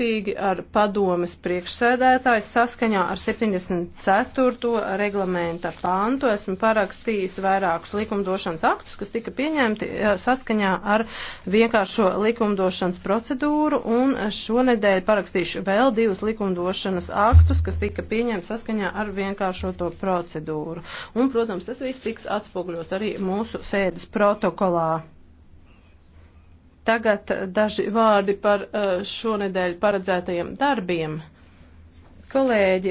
kopīgi ar padomes priekšsēdētāju saskaņā ar 74. reglamenta pāntu. Esmu parakstījis vairākus likumdošanas aktus, kas tika pieņemti eh, saskaņā ar vienkāršo likumdošanas procedūru, un šonedēļ parakstīšu vēl divus likumdošanas aktus, kas tika pieņemti saskaņā ar vienkāršo to procedūru. Un, protams, tas viss tiks atspoguļots arī mūsu sēdes protokolā. Tagad daži vārdi par eh, šonedēļ paredzētajiem darbiem. Kolēģi,